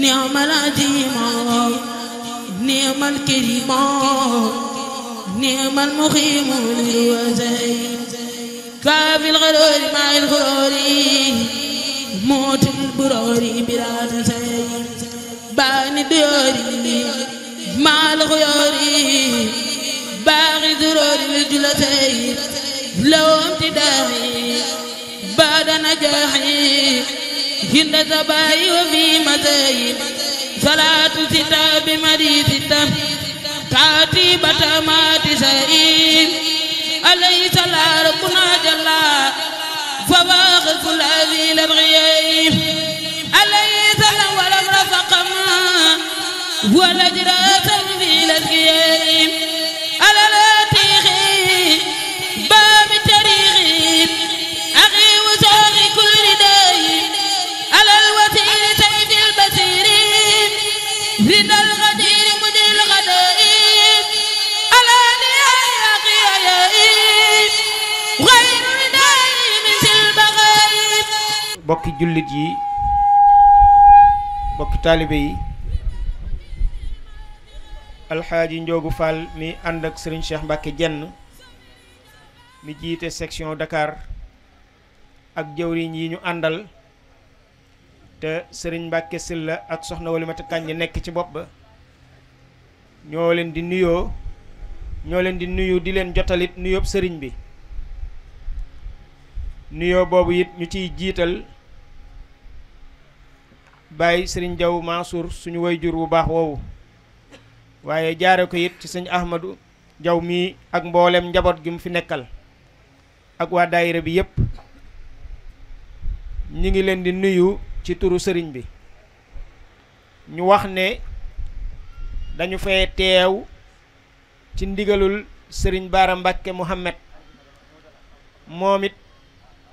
نعم العديمة نعم الكريمة نعم المقيم للوزين كافي الغرور مع الغرور موت البرور بلا تسين باني ديوري مع الغيور باغي ضروري لجلتين لو امتداحي بعد نجاحي هند زباي وفي مزاي صلاة ستا بمري ستا تاتي بطا ما تسائي علي صلاة ربنا جلا فواخذ كل ذي لبغي علي صلاة ولم رفق ما ولجرات في لسكي bokki jullit yi bokki taalibe yi alxaaji njoogu Fall mi ànd ak sëriñ Cheikh Mbacke jenn mi jiite section dakaar ak jëwriñ yi ñu àndal te sëriñ Mbacke Sylla ak soxna Walimata Kàññ nekk ci bopp ba ñoo leen di nuyoo ñoo leen di nuyu di leen jotalit nuyoob sëriñ bi nuyoo boobu it ñu ciy jiital bàyyi sëriñ Jaw Mansour suñu jur bu baax woowu waaye jaare ko it ci sëñ Ahmadou Jaw mii ak mboolem njaboot gi mu fi nekkal ak waa daayira bi yépp ñi ngi leen di nuyu ci turu sëriñ bi ñu wax ne dañu fee teew ci ndigalul sëriñ Baara Mbàkke Muhammad moom it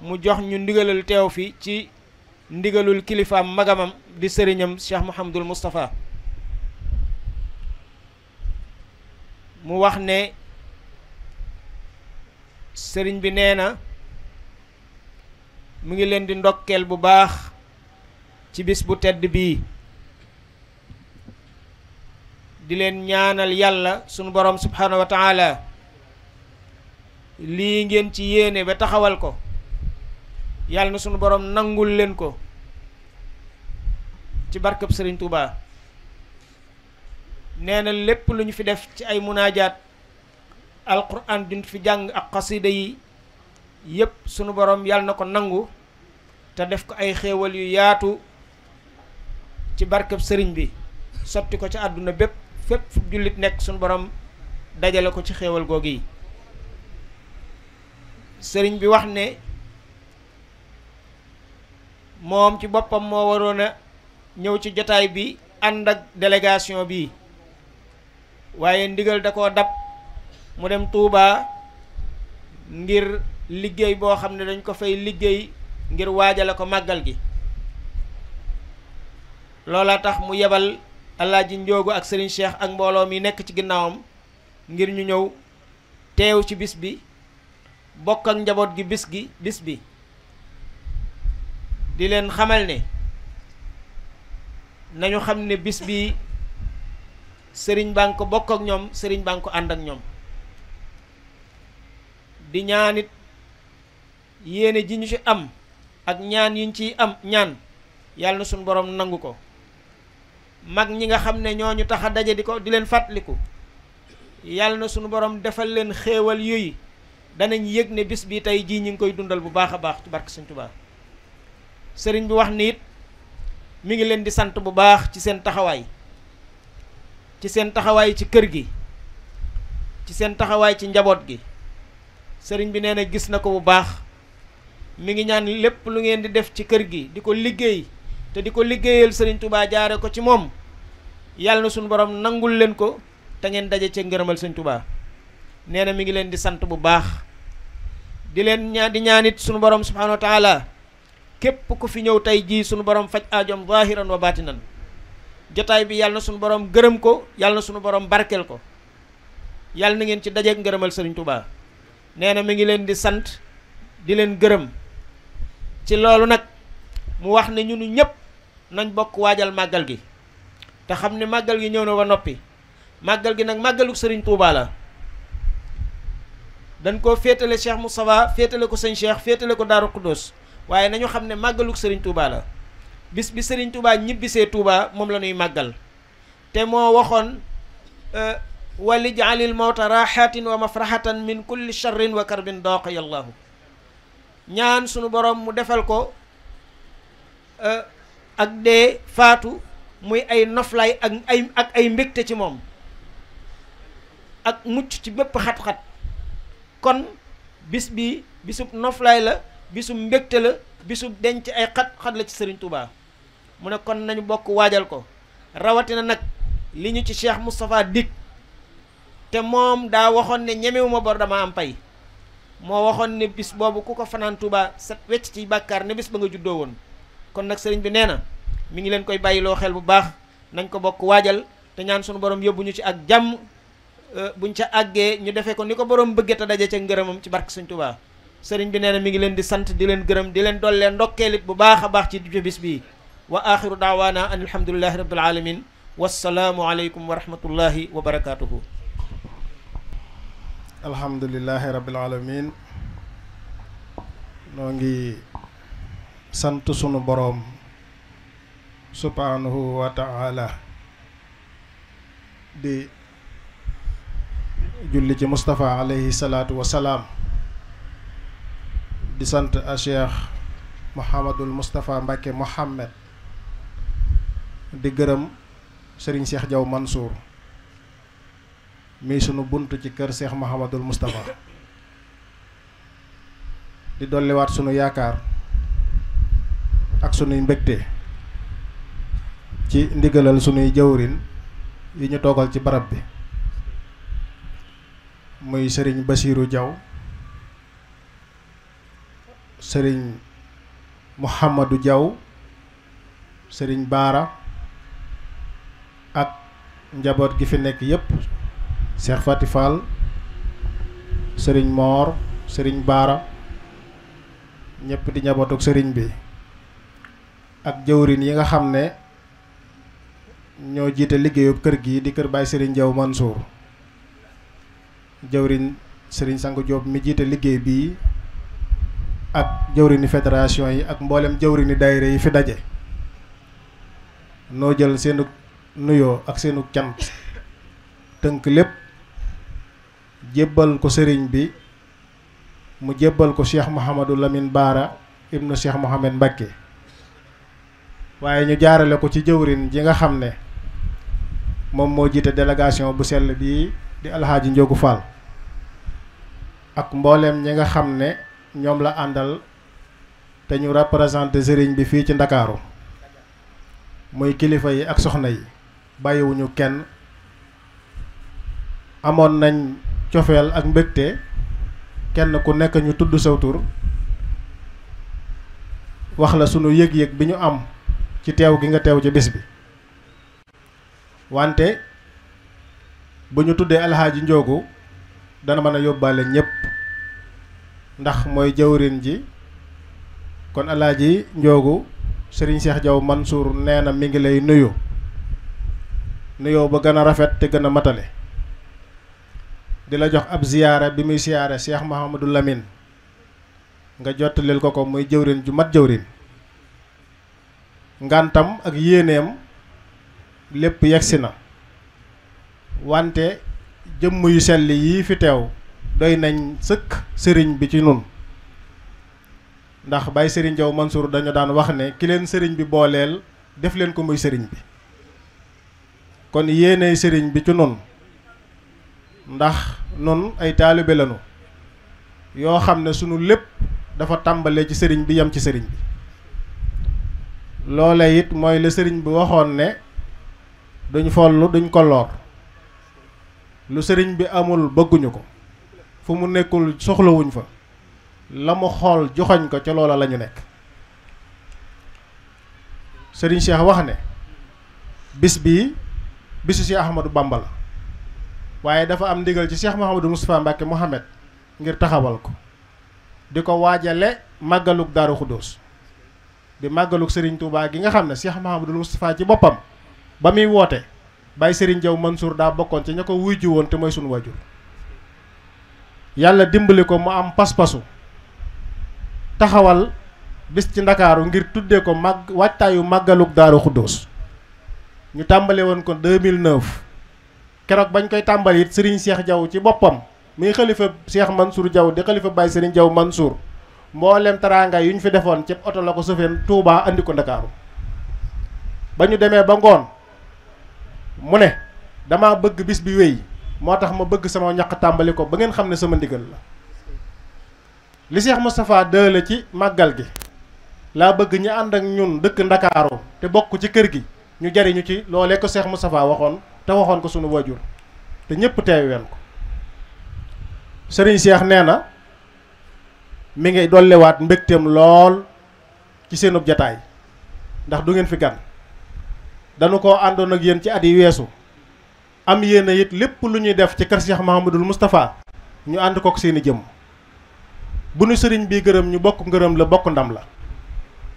mu jox ñu ndigalul teew fi ci ndigalul kilifaam magamam di sëriñam Cheikh Mouhamadul Moustapha mu wax ne sëriñ bi nee na mu ngi leen di ndokkeel bu baax ci bis bu tedd bii di leen ñaanal yàlla sunu borom subhaanahu wa lii ngeen ci yéene ba taxawal ko yalla na sunu borom nangul len ko ci barkep Serigne Touba nee lepp luñu fi def ci ay munajat alquran duñ fi jang ak qasida yi yep sunu borom yalla nako ko nangu def ko ay xewal yu yaatu ci barkep serigne bi soti ko ci aduna bepp fep fu jullit sunu borom dajale ko ci xewal googu serigne bi wax ne moom ci boppam moo waroon a ñëw ci jotaay bi ànd ak délégation bi waaye ndigal da koo dab mu dem Touba ngir liggéey boo xam ne dañ ko fay liggéey ngir waajale ko màggal gi loola tax mu yebal Alaaji Njoogu ak Serigne Cheikh ak mbooloo mi nekk ci ginnaawam ngir ñu ñëw teew ci bis bi bokk ak njaboot gi bis gi bis bi di len xamal ne nañu xamne bis bi serigne baa ngi bokk ak ñom serigne baa and ak ñom di ñaanit yene ji ci am ak ñaan yi ci am ñaan yalla na suñu borom nangu ko mag ñi nga xamne ñoñu taxa tax diko di ko di yalla fàttaliku borom defal len xewal yoy danañ yegne bis bi tay ji ñu ngi koy dundal bu baaxa baax ci barke touba sering bi wax nit mi ngi len di sant bu baax ci sen taxaway ci sen taxaway ci kër gi ci sen taxaway ci njabot gi sëriñ bi neena gis nako bu baax mi ngi ñaan lepp lu ngeen di def ci kër gi diko liggey te diko ko liggéeyal Touba jaare ko ci mom yàlla sun borom nangul len ko te ngeen dajje ci ngeeramal Touba neena mi ngi len di sant bu baax di len ñaan di ñaanit sun borom subhanahu wa taala kep ku fi ñew tay ji suñu borom faj aajom zahiran wa baatinan jotaay bi yàlla suñu borom gërëm ko yàlla suñu borom barkel ko yàlla na ngeen ci dajeeg ngërëmal Serigne Touba neena mi ngi leen di sant di leen gërëm ci loolu nak mu wax ne ñunu ñëpp nañ bokk waajal magal gi te xamni magal gi ñew na wa noppi magal gi nak magaluk Serigne Touba la. dan ko Cheikh Moustapha ko Cheikh ko daru qudus waaye nañu xam ne màggaluk sëriñ Touba la bis bi sëriñ Serigne ñibbi see Touba moom lañuy màggal te moo waxoon euh, walijaalil mawta raxatin wa mafraxatan min kulli charrin wa karbin dooqa yallaahu ñaan sunu boroom mu defal ko euh, ak dee faatu muy ay noflaay ak ay ak ci moom ak mucc ci bépp xat-xat kon bis bi bisub noflaay la bisu mbégte la bisu denc ay khat khat la ci serigne Touba mu ne kon nañu bok wadjal ko rawati na nak liñu ci Cheikh Moustapha dik te mom da waxon ne ñemewuma bor dama am pay mo waxon ne bis bobu kuko fanan Touba set wecc ci bakkar ne bis ba nga juddo won kon nak serigne bi nee mi ngi leen koy lo xel bu baax nañ ko bok wadjal te ñaan suñu borom yóbbu ñu ci ak jàmm euh, buñ ca àggee ñu defee ko niko borom bëggee ta dajé ci ngërëmam ci barke serigne Touba sering bi neena mi ngi len di sante di len gërem di len dolle ndokkeelit bu baakha a baax ci bis bi wa akhiru da'wana alhamdulillahi rabbil alamin wassalamu alaykum wa rahmatullahi wa barakatuh alhamdulillahi rabbil alamin ngi sunu borom subhanahu wa taala di julli ci Mustafa alayhi salatu wa salam di sant a eh, cheikh Mustafa mustapha Muhammad mohammed di gërëm serigne cheikh diaw mansour mi sunu buntu ci kër cheikh mouhamadul mustapha di dolliwaat sunu Yakar ak sunu mbekté ci ndigalal sunu jëwrin yi ñu togal ci barab bi muy serigne basirou diaw sering Muhammadu Diaw sering bara ak njabot gi fi nek yep Cheikh fatifal serigne mor serigne bara ñepp di di ak serigne bi ak jawrin yi nga xamne ne ñoo jiite liggéeyub kër gi di kër Baye Serigne Diaw Mansour jawrin Serigne sangu Diop mi jité liggéey bi ak jëwrini fédération yi ak mbooleem jëwrini daayira yi fi daje noo jël seenu nuyoo ak seenu cant tënk lépp jébbal ko sëriñ bi mu jébbal ko Cheikh Mouhamadou Lamine Baara ibnu Cheikh Mouhamed Mbacke waaye ñu jaarale ko ci jëwrin ji nga xam ne moom moo jiite délégation bu sell bii di alxaaji Njogu Fall ak mbooleem ñi nga xam ne ñoom la àndal te ñu représenté sëriñ bi fii ci ndakaaru muy kilifa yi ak soxna yi bàyyiwuñu kenn amoon nañ cofeel ak mbégte kenn ku nekk ñu tudd saw tur wax la sunu yëg-yëg bi ñu am ci teew gi nga teew ci bis bi wante bu ñu tuddee alxaaji njoogu dana mën a yóbbaale ñépp ndax mooy jawrin ji kon alaaji njoogu sëriñ Cheikh Diaw Mansour nee na mi ngi lay nuyu nuyoo ba gën a rafet te gën a matale di la jox ab ziyaara bi muy siyaare Cheikh Mouhamadou Lamine nga jottalil ko ko muy jëwrin ju mat jëwrin ngantam ak yéeneem lépp yegsi na wante jëmm yu sell yii fi teew doy nañ sëkk sëriñ bi ci nun ndax Baye Serigne Diaw Mansour dañu daan wax ne ki leen sëriñ bi booleel def leen ko muy sëriñ bi kon yéene sëriñ bi ci nun ndax nun ay taalibe lanu yoo xam ne sunu lépp dafa tàmbalee ci sëriñ bi yam ci sëriñ bi loola it mooy la sëriñ bi waxoon ne duñ follu duñ ko loor lu sëriñ bi amul bëgguñu ko fu mu nekkul wuñ fa la mu xool joxoñ ko ca loola lañu ñu nekk sëriñ cheikh wax ne bis bi bisu si ahmadou bamba la waaye dafa am ndigal ci cheikh mouhamadou mustapha mbàkke mohamed ngir taxawal ko di ko waajale màggalug daaru xudóos di magaluk sëriñ Touba gi nga xam ne cheikh mouhamadou mustapha ci boppam ba muy woote bàyyi sëriñ jaw mansour daa bokkoon ci ña ko wuy woon te mooy sun wajur yàlla dimbali ko mu am pas-pasu taxawal bis ci ndakaaru ngir tuddee ko mag yu màggaluk daaru xuddoos ñu tàmbale woon ko 2009 keroog bañ koy tàmbali it Serigne Cheikh jaw ci boppam muy xalifa Cheikh Mansour jaw di xalifa bay Serigne jaw Mansour mboolem taranga yu ñu fi defoon ci oto la ko Touba andi ko ndakaaru ba ñu demee ba ngoon mu dama bëgg bis bi wéy motax ma bëgg sama ñak tambali ko ba ngeen xamne sama ndigal la li Cheikh de dële ci magal gi la bëgg ñi and ak ñun dëkk ndakaaru te bokku ci kër gi ñu ñu ci lolé ko Cheikh Moustapha waxon te waxon ko suñu wajur te tay teeween ko serigne Cheikh neena na ngay dolle waat mbektem lol ci seenu jotaay ndax du ngeen fi gan danu ko andon ak yeen ci at yi am yene yit lepp lu def ci kër Cheikh mahamoudou mustapha ñu ko kook seeni jëm bu ñu sëriñ bi gërëm ñu bokk ngërëm la bokk ndam la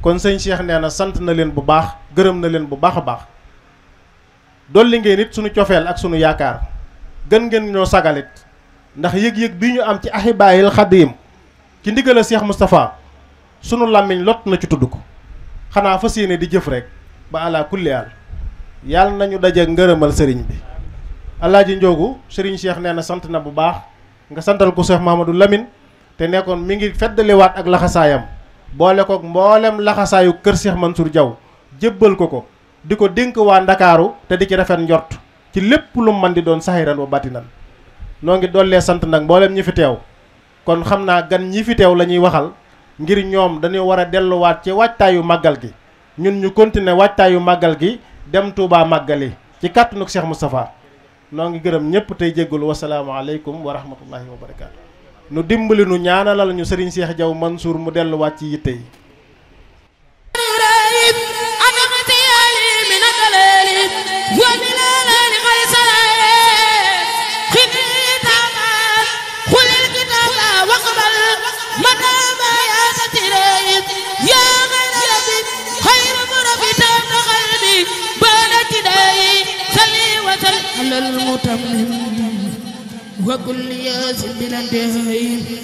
kon sëñ Cheikh neena na sant na leen bu baax gërëm na leen bu baax baax dolli ngeen nit suñu ciofel ak suñu yaakar gën ngeen ñoo sagalit ndax yeg yeg bi ñu am ci ahibayil khadim ci ndigal Cheikh mustapha sunu lamiñ lot na ci tudd ko xanaa di jëf rek ba ala kulli al yalla nañu dajje ngërëmal sëriñ bi alaaji ndiogu Serigne Cheikh neena na sant na bu baax nga santal ko Cheikh Mamadou Lamine te nekkon mi ngi wat ak laxasaayam boole ko mboolem laxasayu keur Cheikh Mansour Diaw jébbal ko ko diko denk wa waa te di ci rafet njort ci lepp lu man di don sahiran wa batinan no ngi sant nak ñi fi tew kon xamna gan ñi fi wakal, lañuy waxal ngir ñom dañu wara delu wat ci waajtaayu magal gi ñun ñu continuer waajtaayu magal gi dem Touba magali ci Cheikh mustapha noo ngi gërëm ñëpp tey jéggul wasalaamaaleykum wa rahmatullahi wa barakaatu. nu dimbali nu la ñaanalal ñu Serigne Cheikh man Mansour mu delluwaat ci yitte yi. وكل ياس بلا انتهاء